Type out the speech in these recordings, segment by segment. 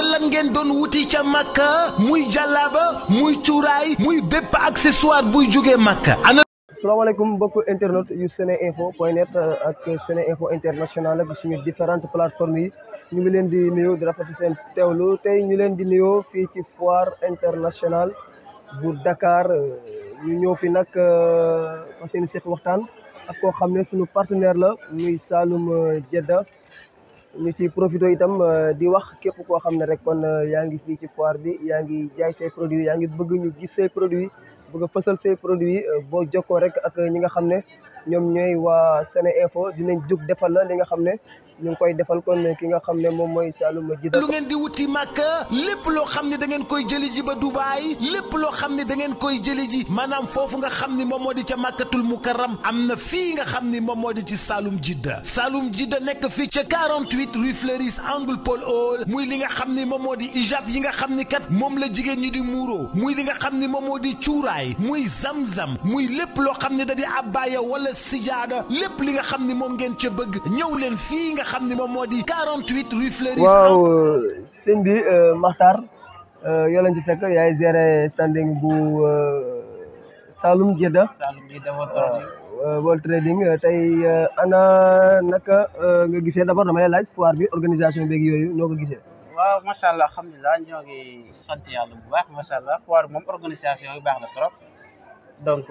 ana lan ngeen doon wuti ca muy jàllaaba muy cuuraay muy bépp accessoire buy jógee màkka ana asalaamaaleykum mbokk internet yu sene info point net uh, ak sene info international ak suñu différentes plateformes yi ñu ngi leen di nuyu di rafetlu seen teewlu tey ñu leen di nuyoo fii ci foire international bu dakaar uh, ñu ñëw fi nag uh, fas yéene waxtaan ak koo xam ne suñu partenaire la ñuy Saloum Jedda ñu ci profito itam euh, di wax képp koo xam ne rek kon euh, yaa ngi ci foire bi yaa ngi jaay say produits yaa ngi bëgg ñu gis say produits bëgg a fësal say produit euh, boo jokkoo rek ak ñi nga xam ne ñoom ñooy waa Sene Info dinañ jóg defal la li nga xam ne ñu ngi koy defal kon ki nga xam ne moom mooy Salouma Jida lu ngeen di wuti Màkka lépp loo xam ne da ngeen koy jëli ji ba Dubaay lépp loo xam ne da ngeen koy jëli ji maanaam foofu nga xam ne moom moo di ca Màkkatul Mukarram am na fii nga xam ne moom moo di ci Saloum Jidda saalum Jidda nekk fii ca 48 rue Fleuris angle Paul Hall muy li nga xam ne moom moo di ijab yi nga xam ni kat moom la jigéen ñi di muuroo muy li nga xam ni moom moo di cuuraay muy zamzam muy lépp loo xam ne da di abbaaya wala sijaada lépp li nga xam ni moom ngeen ca bëgg ñëw leen fii xam ni moom moo di 48 rue Fleuris. waaw sëñ bi euh, Makhtar euh, yoo leen ci fekk yaay géré standing bu euh, Saloum Jeddah. Saloum Jeddah World Trading. World tey ana naka nga gisee d'abord dama lay laaj foire bi organisation beeg yooyu noo ko gisee. waaw macha allah alhamdulilah ñoo ngi sant yàlla bu baax macha allah foire moom organisation bi baax na trop donc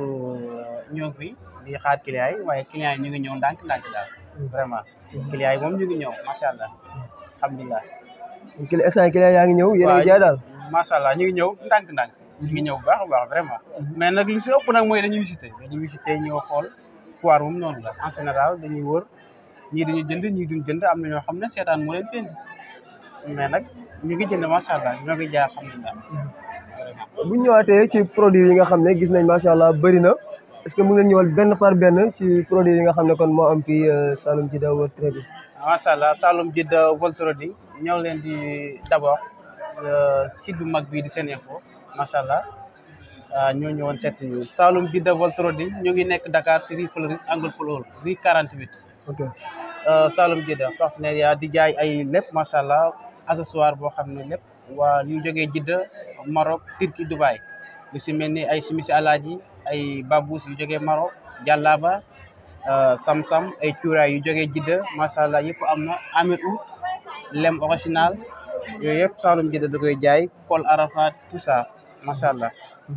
ñoo ngi fi di xaar client yi waaye client yi ñu ngi ñëw daal vraiment. client yi moom ñu ngi ñëw macha allah alhamdulilah. client instant yaa ngi ñëw yéen a ngi jaay daal. macha allah ñu ngi ñëw ndànk-ndànk. ñi ngi ñëw bu baax a baax vraiment. mais nag lu si ëpp nag mooy dañuy visité dañuy visité ñoo xool foire moom noonu la en général dañuy wër ñii dañuy jënd ñii duñ jënd am na ñoo xam ne seetaan moo leen fenn mais nag ñu ngi jënd macha allah ñoo ngi jaay xam ne mm-hmm. bu ñëwaatee ci produit yi nga xam ne gis nañ macha allah bëri na parce que mu ngeen ñëwal benn far benn ci produit yi nga xam ne kon moo am fii euh, Saloum Jidda World Trading. macha allah Saloum Jidda World Trading ñëw leen di d'abord euh, site bu mag bii di Seneinfo macha allah euh, ñoo ñëwoon seet ñu Saloum Jidda World Trading ñu ngi nekk Dakar ci rue Fleuris angle Paul rue 48. ok Saloum Jidda partenariat di jaay ay lépp macha allah accessoire boo xam ne lép waa ñu jógee Jidda Maroc Turquie Dubaï lu si mel ni ay simisi alaaji ay babous yu jógee Maroc jàllaaba euh, samsam ay cuuraay yu joge Jidda macha allah yëpp am na amir oud lem original yooyu yëpp Saalum Jidda da koy jaay Paul Arafat tout ça macha allah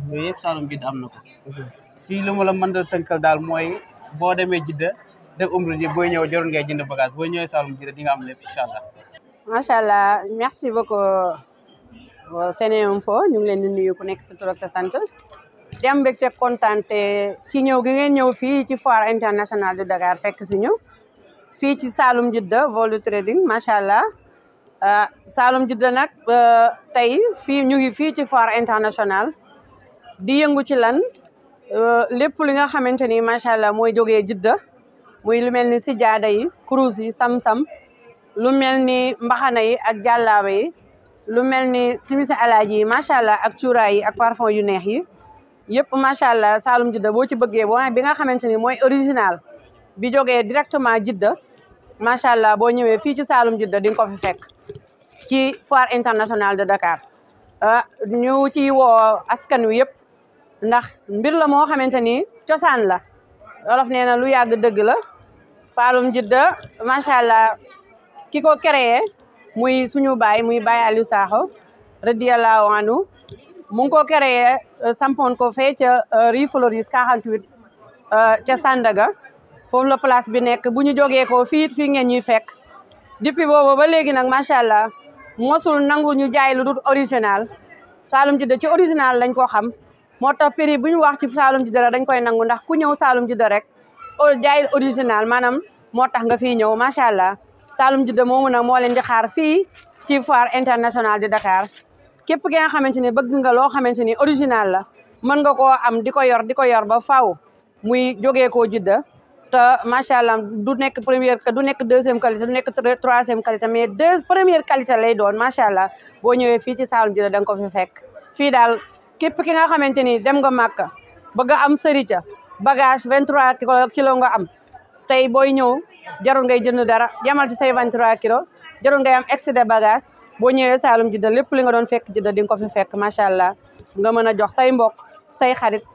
yooyu yëpp Saalum Jidda am na ko si lu ma la mën daal mooy boo demee Jidda def umra booy ñëw jarul ngay jënd bagage booy ñëwee Saalum Jidda di nga am lépp incha allah macha allah merci beaucoup euh, Seneinfo ñu ngi leen nuyu ku nekk sa tur di am mbégte kontaan ci ñëw gi ngeen ñëw fii ci foire internationale de Dakar fekk suñu fii ci Saloum Jidda Volu Trading macha allah ah, Saloum Jidda nag euh, tey fii ñu ngi fii ci foire internationale di yëngu ci lan euh, lépp li nga xamante ni macha allah mooy jógee Jidda muy lu mel ni si jaada yi kurus yi sam-sam lu mel ni mbaxana yi ak jàllaabe yi lu mel ni simisi alaaji yi macha allah ak cuuraay yi ak parfum yu neex yi yëpp macha allah salum Jidda boo ci bëggee bo bi nga xamante ni mooy original bi jogee directement Jidda macha allah boo ñëwee fii ci Saloum Jidda di nga ko fi fekk ci foire internationale de Dakar ah ñu ci woo askan wi yëpp ndax mbir la moo xamante ni cosaan la Wolof nee na lu yàgg dëgg la Saloum Jidda macha allah ki ko créé muy suñu baay muy baay Aliou Sakho radiyallahu anhu mu ngi ko créé euh, sampoon ko fee ca euh, rue Floris 48 euh, ca Sandaga foofu la place bi nekk bu ñu jógee ko fii fii ngeen ñuy fekk depuis boobu ba léegi nag macha allah mosul nangu ñu jaay lu dul original Saloum Jidda ci original lañ ko xam moo tax prix bu ñu wax ci Saloum Jidda dañ koy nangu ndax ku ñëw Saloum Jidda rek jaay original maanaam moo tax nga fii ñëw macha allah Saloum Jidda moomu nag moo leen di xaar fii ci foire international de Dakar. képp ki nga xamante ni bëgg nga loo xamante ni original la mën nga koo am di ko yor di ko yor ba faaw muy jógee koo jidda te macha allah du nekk première du nekk deuxième qualité du nekk troisième qualité mais deux première qualité lay doon macha allah boo ñëwee fii ci Saalum Jidda da ko fi fekk fii daal képp ki nga xamante ni dem nga makka bëgg a am sërica bagage vingt trois kilo nga am tey booy ñëw jarul ngay jënd dara yemal ci say vingt trois kilo jarul ngay am excès de boo ñëwee Saalum Jidda lépp li nga doon fekk Jidda di ko fi fekk macha allah nga mën a jox say mbokk say xarit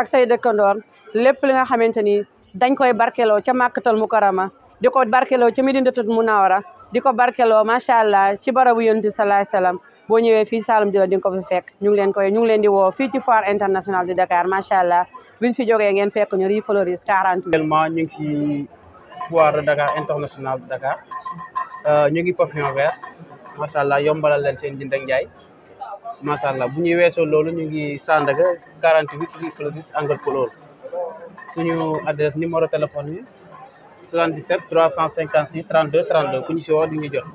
ak say dëkkandoor lépp li nga xamante ni dañ koy barkeloo ca Màkkatal Mukarrama di ko barkeloo ca Medinatul Munawwara di ko barkeloo macha allah ci barabu Yonent bi salaay salaam boo ñëwee fii Saalum Jidda di nga ko fi fekk ñu ngi leen koy ñu ngi leen di woo fii ci foire internationale de Dakar macha allah buñ fi jógee ngeen fekk ñu Rue Floris 48. actuellement ñu ngi si foire Dakar internationale de Dakar euh, ñu ngi pavillon vert. macha allah yombalal leen seen jënd ak njaay macha allah bu ñuy weesoo loolu ñu ngi Sandaga 48 rue Floris angle Poulor suñu adresse numéro téléphone yi 77 356 32 32 ku ñu si woo di ñu jot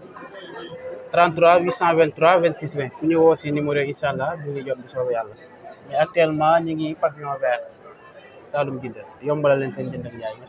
33 823 26 vingt ku ñu woo si numéro yi incha allah di ñu jot bu soobee yàlla mais actuellement ñu ngi pavillon vert Saloum Jidda yombalal leen seen jënd ak